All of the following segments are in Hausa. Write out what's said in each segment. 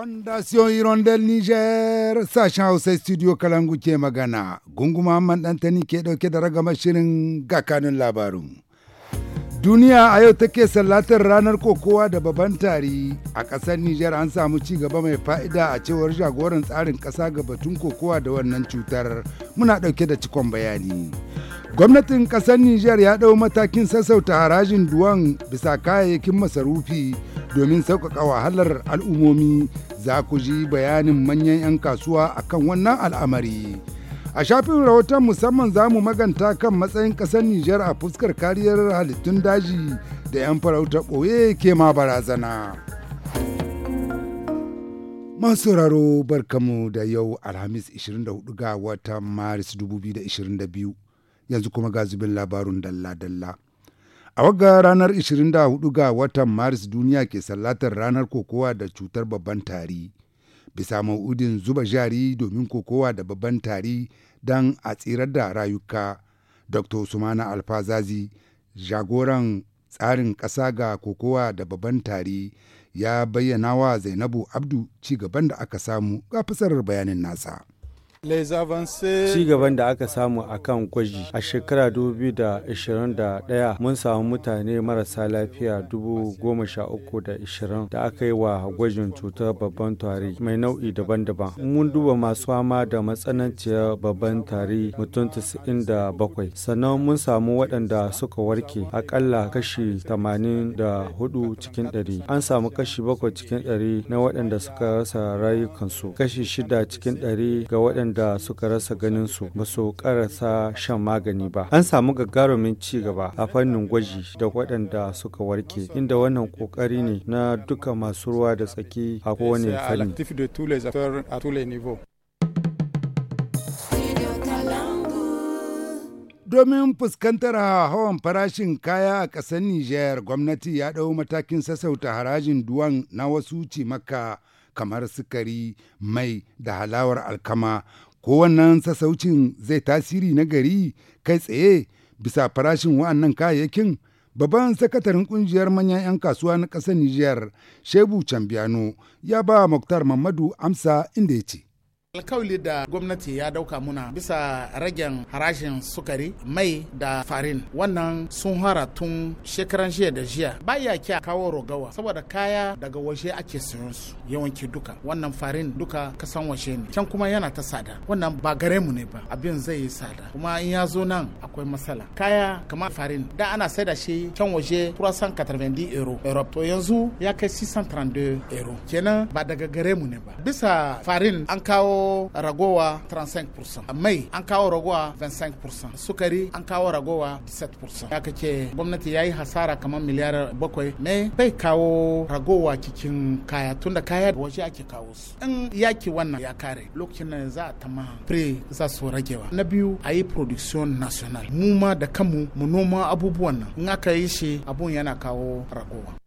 Fondation Hirondelle Niger sashen Hausa studio Kalangu ke magana, gunguma Hamman Dantani ke dauke da ragamar shirin gakanin labarin. Duniya a yau take sallatar ranar kokowa da babban tari a ƙasar Niger an samu ci gaba mai fa'ida a cewar jagoran tsarin ƙasa ga batun kokowa da wannan cutar muna ɗauke da cikon bayani. Gwamnatin ƙasar Nijar ya ɗau matakin sassauta harajin duwan bisa kayayyakin masarufi domin sauƙaƙa wahalar al'ummomi za ku ji bayanin manyan 'yan kasuwa a kan wannan al'amari. A shafin rahoton musamman za mu maganta kan matsayin ƙasar Nijar a fuskar kariyar halittun daji da 'yan farauta ɓoye ke ma barazana. Masu sauraro barkamu da yau Alhamis 24 ga watan Maris 2022 yanzu kuma ga zubin labarun dalla-dalla. A waga ranar 24 ga watan Maris duniya ke sallatar ranar kokowa da cutar babban tari. Bisa ma'udin zuba jari domin kokowa da babban tari don a tsirar da rayuka. Dr. Sumana Alfazazi, jagoran tsarin ƙasa ga kokowa da babban tari, ya bayyana wa Zainabu Abdu ci gaban da aka samu ga fasarar bayanin nasa. Ci gaban da aka samu a kan gwaji a shekara 2021 mun samu mutane marasa lafiya 13,020 da aka yi wa gwajin cutar babban tari mai nau'i daban-daban. Mun duba masu fama da matsananciyar babban tari mutum 97 sannan mun samu waɗanda suka warke akalla kashi 84 cikin 100. An samu kashi 7 cikin 100 na waɗanda suka rasa rayukansu kashi 6 cikin 100 ga waɗanda waɗanda suka rasa ganinsu ba su karasa shan magani ba. An samu gagarumin ci gaba a fannin gwaji da waɗanda suka warke, inda wannan ƙoƙari ne na duka masu ruwa da tsaki a kowane fanni. domin fuskantar hawan farashin kaya a ƙasar Nijar, gwamnati ya ɗau matakin sassauta harajin duwan na wasu cimaka kamar sukari mai da halawar alkama ko wannan sassaucin zai tasiri na gari kai tsaye bisa farashin wa'annan kayayyakin babban sakataren kungiyar manyan 'yan kasuwa na ƙasar Nijar Shebu Cambiano ya ba Muktar Mamadu amsa inda ya ce. alkawali da gwamnati ya dauka muna bisa ragen harajin sukari mai da farin wannan sun hara tun shekaran jiya da jiya baya kya kawo rogawa saboda kaya daga waje ake sayan su yawanci duka wannan farin duka kasan waje ne can kuma yana ta sada wannan ba gare mu ne ba abin zai yi sada kuma in ya zo nan akwai matsala kaya kamar farin da ana saida shi can waje 390 euro europe to yanzu ya kai 632 euro kenan ba daga gare mu ne ba bisa farin an kawo kawo ragowa 35% mai an kawo ragowa 25% sukari an kawo ragowa 17% ya kace gwamnati ya yi hasara kamar miliyar bakwai me bai kawo ragowa cikin kaya tun da kaya waje ake kawo su in yaki wannan ya kare lokacin da za a tama pre za su ragewa na biyu a yi production national mu ma da kanmu mu noma abubuwan nan in aka yi shi abun yana kawo ragowa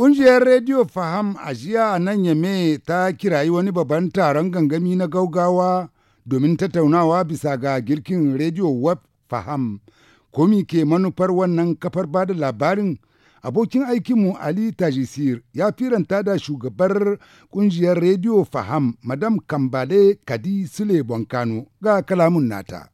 Ƙungiyar Rediyo Faham a jiya a nan Yame ta kirayi wani babban taron gangami na gaugawa domin tattaunawa bisa ga girkin Rediyo Web Faham. Komi ke manufar wannan kafar bada labarin abokin aikinmu Ali Tajisir ya firanta da shugabar ƙungiyar Rediyo Faham Madam Kambale Kadi Sule Bonkano ga kalamun nata.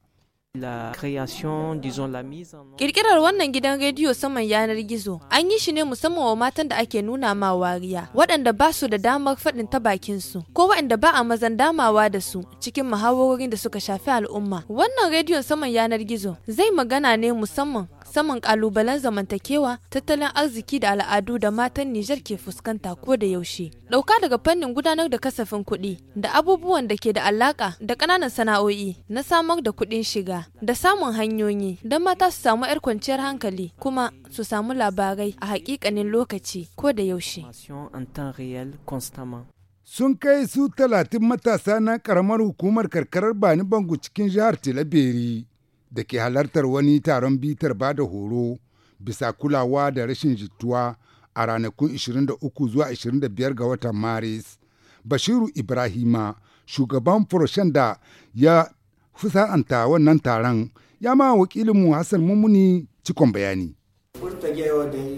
la création, disons la mise en Kirkirar wannan gidan rediyo saman yanar gizo an yi shi ne musamman wa matan da ake nuna ma wariya waɗanda ba su da damar faɗin ta bakin su ko waɗanda ba a mazan damawa da su cikin muhawarorin da suka shafi al'umma. Wannan rediyon saman yanar gizo zai magana ne musamman saman kalubalen zamantakewa tattalin arziki da al'adu da matan Nijar ke fuskanta ko da yaushe. Dauka daga fannin gudanar da kasafin kuɗi da abubuwan da ke da alaƙa da ƙananan sana'o'i na samar da kuɗin shiga da samun hanyoyi don mata su samu 'yar kwanciyar hankali kuma su samu labarai a hakikanin lokaci ko da yaushe. sun kai su talatin matasa na ƙaramar hukumar karkarar bani bangu cikin jihar tilaberi da ke halartar wani taron bitar ba da horo bisa kulawa da rashin jituwa a ranakun 23 zuwa 25 ga watan maris bashiru ibrahima shugaban furoshen da ya fusa'anta wannan taron ya ma wakilinmu hassan mummuni cikon bayani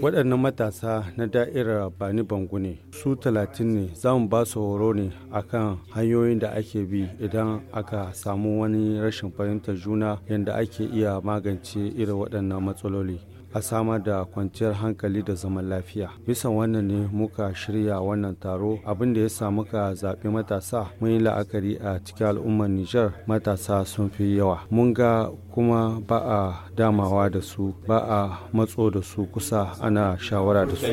waɗannan matasa na da'irar bani bangu ne su talatin ne za mu ba su horo ne akan hanyoyin da ake bi idan aka samu wani rashin fahimtar juna yadda ake iya magance irin waɗannan matsaloli a samar da kwanciyar hankali da zaman lafiya bisa wannan ne muka shirya wannan taro abin da ya sa muka zaɓi matasa mun yi la'akari a cikin al'ummar nijar matasa sun fi yawa mun ga kuma ba a damawa da su ba a matso da su kusa ana shawara da su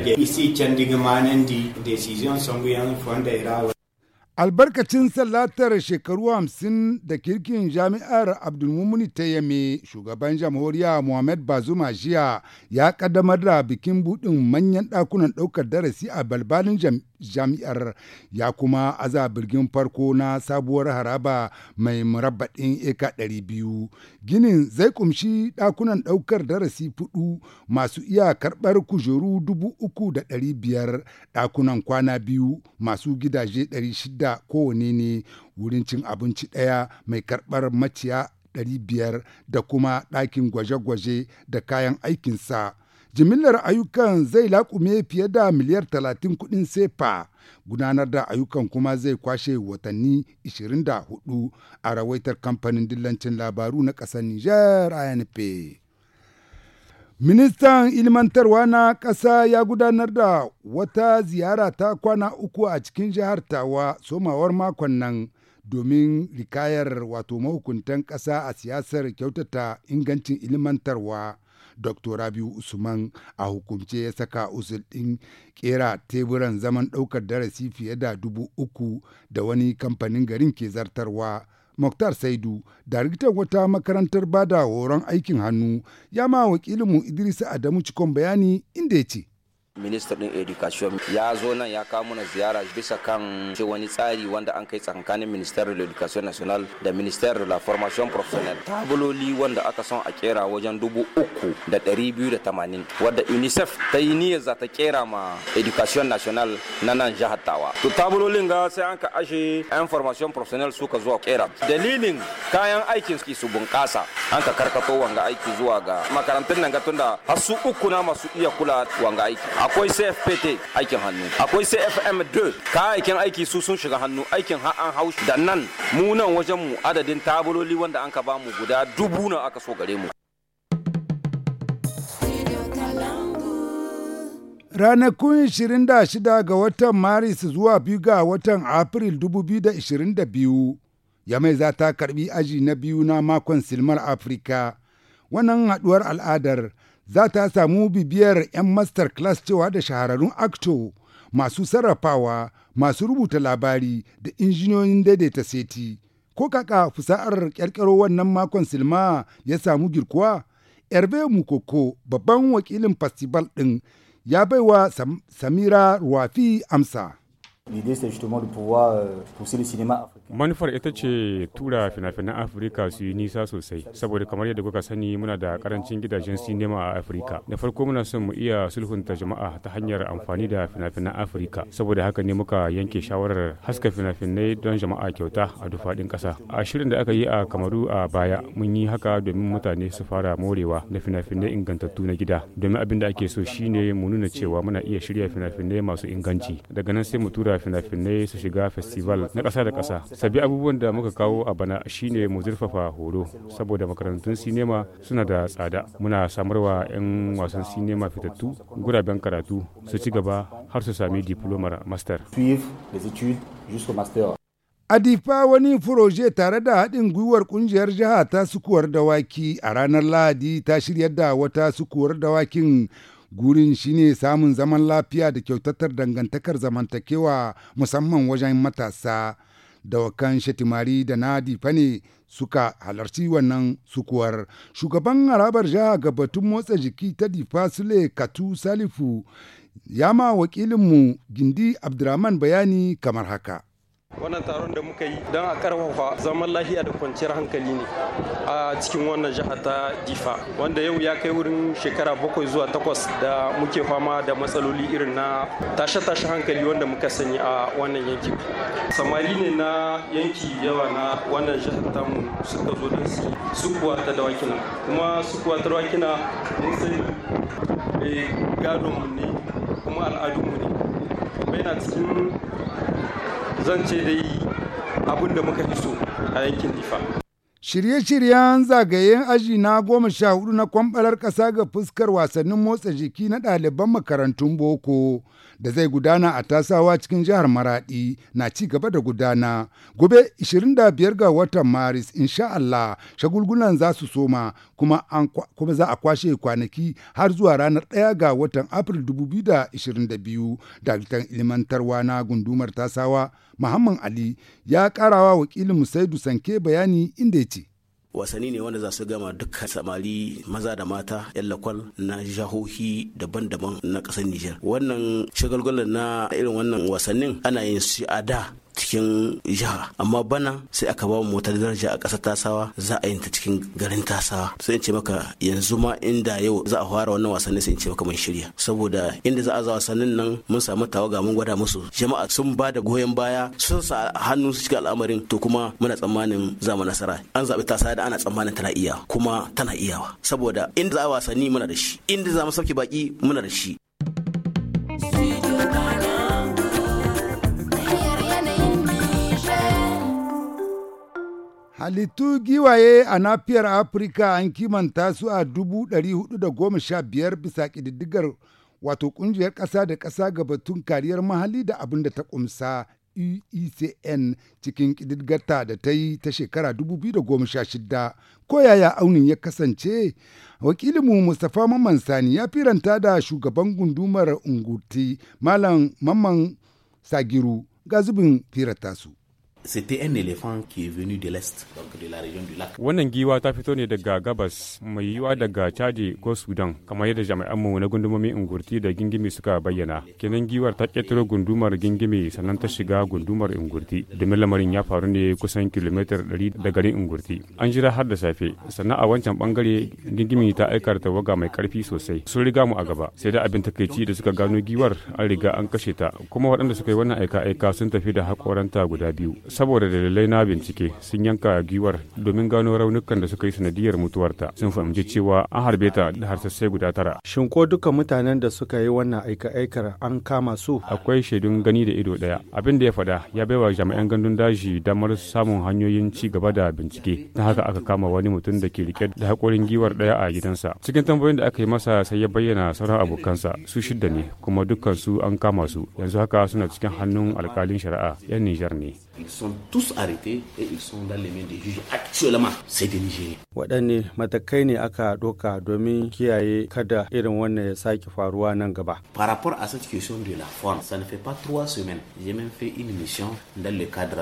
albarkacin sallatar shekaru hamsin da kirkin jami'ar abdulmumuni ta yame shugaban jamhuriya muhammad bazuma jiya ya kaddamar da bikin budin manyan dakunan daukar darasi a balbalin jami'ar ya kuma aza birgin farko na sabuwar haraba mai murabbaɗin eka 200 ginin zai kumshi dakunan daukar darasi fudu masu iya karɓar kujeru 3,500 dakunan kwana biyu masu gidaje 600 da kowane ne wurin cin abinci ɗaya mai karɓar maciya 500 da kuma ɗakin gwaje-gwaje da kayan aikinsa. jimillar ayyukan zai laƙume fiye da miliyar 30 kuɗin sefa gudanar da ayyukan kuma zai kwashe watanni 24 a rawaitar kamfanin dillancin labaru na ƙasar Nijar a Ministan ilmantarwa na ƙasa ya gudanar da wata ziyara ta kwana uku a cikin jihar Tawa somawar makon nan domin rikayar wato mahukuntan ƙasa a siyasar kyautata ingancin ilmantarwa. Dr. Rabiu Usman a hukunce ya saka usul ɗin ƙera teburan zaman ɗaukar darasi fiye da dubu uku da wani kamfanin garin ke zartarwa Muktar Saidu, daraktan wata makarantar bada horon aikin hannu, ya ma wakilinmu Idris Adamu Cikon bayani inda ya ce. minister din education ya zo nan ya kawo mana ziyara bisa kan wani tsari wanda an kai tsakanin minister de education national da minister de la formation professionnelle tabuloli wanda aka son a kera wajen dubu uku da dari biyu da tamanin wadda unicef ta yi niyyar za ta kera ma education national na nan jihar tawa to tabulolin ga sai an ka ashe yan formation professionnelle suka zuwa kera dalilin kayan aikin su bunƙasa an ka karkato wanga aiki zuwa ga makarantun nan ga tunda har su uku na masu iya kula wanga aiki akwai cfpt aikin hannu akwai cfm2 kayayyakin aiki su sun shiga hannu aikin har an haushi da nan mu nan wajen mu adadin tabuloli wanda an ka ba mu guda dubu na aka so gare mu ranakun 26 ga watan maris zuwa biyu ga watan april 2022 yamai za ta karbi aji na biyu na makon silmar afirka wannan haduwar al'adar za ta samu bibiyar 'yan master class cewa da shahararrun acto masu sarrafawa masu rubuta labari da injiniyoyin daidaita seti ko kaka fusa'ar kyarkyaro wannan makon silma ya samu girkuwa Hervé Mukoko babban wakilin festival ɗin ya baiwa Samira Ruwafi amsa. manufar ita ce tura fina-finan afirka su yi nisa sosai saboda kamar yadda kuka sani muna da karancin gidajen sinima a afirka da farko muna son mu iya sulhunta jama'a ta hanyar amfani da fina-finan afirka saboda haka ne muka yanke shawarar haska fina-finai don jama'a kyauta a dufaɗin ƙasa a shirin da aka yi a kamaru a baya mun yi haka domin mutane su fara morewa da fina-finai ingantattu na gida domin abin da ake so shine mu nuna cewa muna iya shirya fina-finai masu inganci daga nan sai mu tura fina-finai su shiga festival na ƙasa da ƙasa sabi abubuwan da muka kawo a bana shine mu zurfafa horo saboda makarantun sinema suna da tsada muna samarwa 'yan wasan sinema fitattu guraben karatu su ci gaba har su sami diplomar master Adifa wani furoje tare da haɗin gwiwar ƙungiyar jiha ta sukuwar dawaki a ranar Lahadi ta shirya da wata sukuwar dawakin gurin shine samun zaman lafiya da kyautatar dangantakar zamantakewa musamman wajen matasa da dawakan shetimari da nadi fane suka halarci wannan sukuwar shugaban harabar jiha ga batun motsa jiki ta difa sule katu salifu ya ma wakilinmu gindi abdurrahman bayani kamar haka wannan taron da muka yi don a karfafa zaman lafiya da kwanciyar hankali ne a cikin wannan jiha ta difa wanda yau ya kai wurin shekara bakwai zuwa takwas da muke fama da matsaloli irin na tashe-tashe hankali wanda muka sani a wannan yankin samari ne na yanki yawa na wannan jihar mu suka zo da su sukuwa ta dawakina kuma sukuwa ta dawakina mun sani eh, gadonmu ne kuma al'adunmu ne kuma yana cikin zan ce dai abin da muka fi so a yankin difa Shirye-shiryen zagayen aji na goma sha hudu na kwambalar ƙasa ga fuskar wasannin motsa jiki na ɗaliban makarantun boko da zai gudana a tasawa cikin jihar Maraɗi na ci gaba da gudana. Gobe 25 ga watan Maris, insha Allah, shagulgunan za su soma kuma, kuma za a kwashe kwanaki har zuwa ranar 1 ga watan Afril 2022 da ilmantarwa na gundumar tasawa Muhammad Ali ya wa wakilin Musaidu Sanke bayani inda ya ce. wasanni ne wanda za su gama duka samari maza da mata yan lakwal na jahohi daban-daban na ƙasar Nijar. Wannan shagalgwalar na irin wannan wasannin ana yin shi a da cikin jiha amma bana sai aka ba motar daraja a ƙasar tasawa za a yi ta cikin garin tasawa sai in ce maka yanzu ma inda yau za a fara wannan wasannin sai in ce maka mun shirya saboda inda za a za wasannin nan mun samu tawaga mun gwada musu jama'a sun ba da goyon baya sun sa hannu su cikin al'amarin to kuma muna tsammanin za mu nasara an zaɓi tasawa da ana tsammanin tana iya kuma tana iyawa saboda inda za a wasanni muna da shi inda za mu sauke baki muna da shi Halittu giwaye a nafiyar Afirka an kimanta su a 415 bisa ƙididdigar wato ƙungiyar ƙasa da ƙasa ga batun kariyar mahalli da abin da ta ƙumsa EECN cikin ta da ta yi ta shekara 2016 ko yaya aunin ya kasance wakilinmu Mustapha Mamman Sani ya firanta da shugaban gundumar Unguti Malam Mamman Sagiru ga zubin firanta su. c'était un éléphant qui est venu de l'est, donc de la région du lac. Wannan giwa ta fito ne daga gabas mai yiwa daga Chadi ko Sudan, kamar yadda jami'an mu na gundumomin Ingurti da Gingimi suka bayyana. Kenan giwar ta ketaro gundumar Gingimi sannan ta shiga gundumar Ingurti, domin lamarin ya faru ne kusan kilomita 100 da garin Ingurti. An jira har da safe, sannan a wancan bangare Gingimi ta aikar tawaga mai karfi sosai. Sun riga mu a gaba, sai da abin takaici da suka gano giwar an riga an kashe ta, kuma waɗanda suka yi wannan aika-aika sun tafi da hakoranta guda biyu. saboda dalilai na bincike sun yanka giwar domin gano raunukan da suka yi sanadiyar mutuwarta sun fahimci cewa an harbe ta da harsassai guda tara shin ko duka mutanen da suka yi wannan aika-aikar an kama su akwai shaidun gani da ido daya abin da ya faɗa ya bai wa jami'an gandun daji damar samun hanyoyin ci gaba da bincike ta haka aka kama wani mutum da ke rike da haƙorin giwar daya a gidansa cikin tambayoyin da aka yi masa sai ya bayyana sauran abokansa su shidda ne kuma dukkan su an kama su yanzu haka suna cikin hannun alkalin shari'a 'yan nijar ne Ils sont tous arrêtés et ils sont dans les mains des juges actuellement. C'est des Nigériens. Waɗanne matakai ne aka doka domin kiyaye kada irin wannan ya sake faruwa nan gaba. Par rapport à cette question de la forme, ça ne fait pas trois semaines. J'ai même fait une mission dans le cadre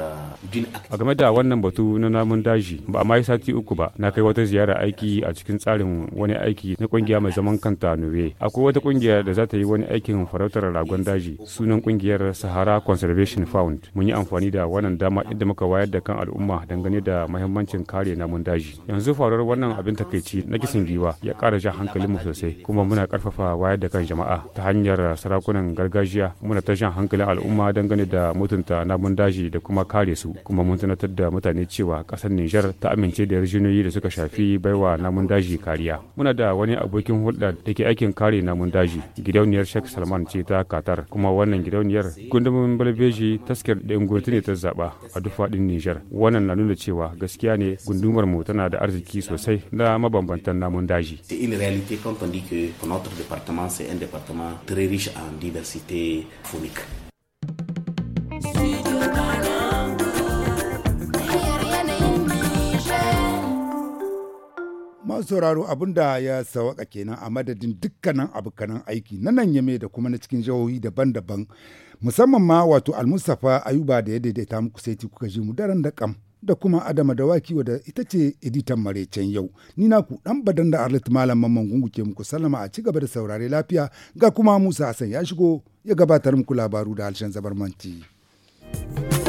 d'une A game da wannan batu na namun daji, ba a yi sati uku ba, na kai wata ziyara aiki a cikin tsarin wani aiki na kungiya mai zaman kanta Nuwe. Akwai wata kungiya da za ta yi wani aikin farautar ragon daji, sunan kungiyar Sahara Conservation Fund. Mun yi amfani da wani wannan dama inda muka wayar da kan al'umma dangane da mahimmancin kare namun daji yanzu faruwar wannan abin takaici na kisan giwa ya ƙara ja mu sosai kuma muna karfafa wayar da kan jama'a ta hanyar sarakunan gargajiya muna ta jan hankalin al'umma dangane da mutunta namun daji da kuma kare su kuma mun tunatar da mutane cewa kasar Nijar ta amince da yarjejeniyoyi da suka shafi baiwa namun daji kariya muna da wani abokin hulɗa da ke aikin kare namun daji gidauniyar Sheikh Salman ce ta Qatar kuma wannan gidauniyar gundumin Balbeji taskar da ta zaɓa zaba a duk faɗin Nijar. Wannan na nuna cewa gaskiya ne gundumar mu tana da arziki sosai na mabambantan namun daji. notre département département un très riche en diversité masu sauraro abin da ya sawaka kenan a madadin dukkanin abokanan aiki na nan yame da kuma na cikin jihohi daban-daban musamman ma wato almustapha ayuba da ya daidaita muku sai kuka ji mu daren da kam da kuma adama da waki wadda ita ce editan maraicen yau ni na ku dan badan da arlit malam mamman gungu ke muku sallama a ci gaba da saurare lafiya ga kuma musa hassan ya shigo ya gabatar muku labaru da harshen zabarmanci. manti.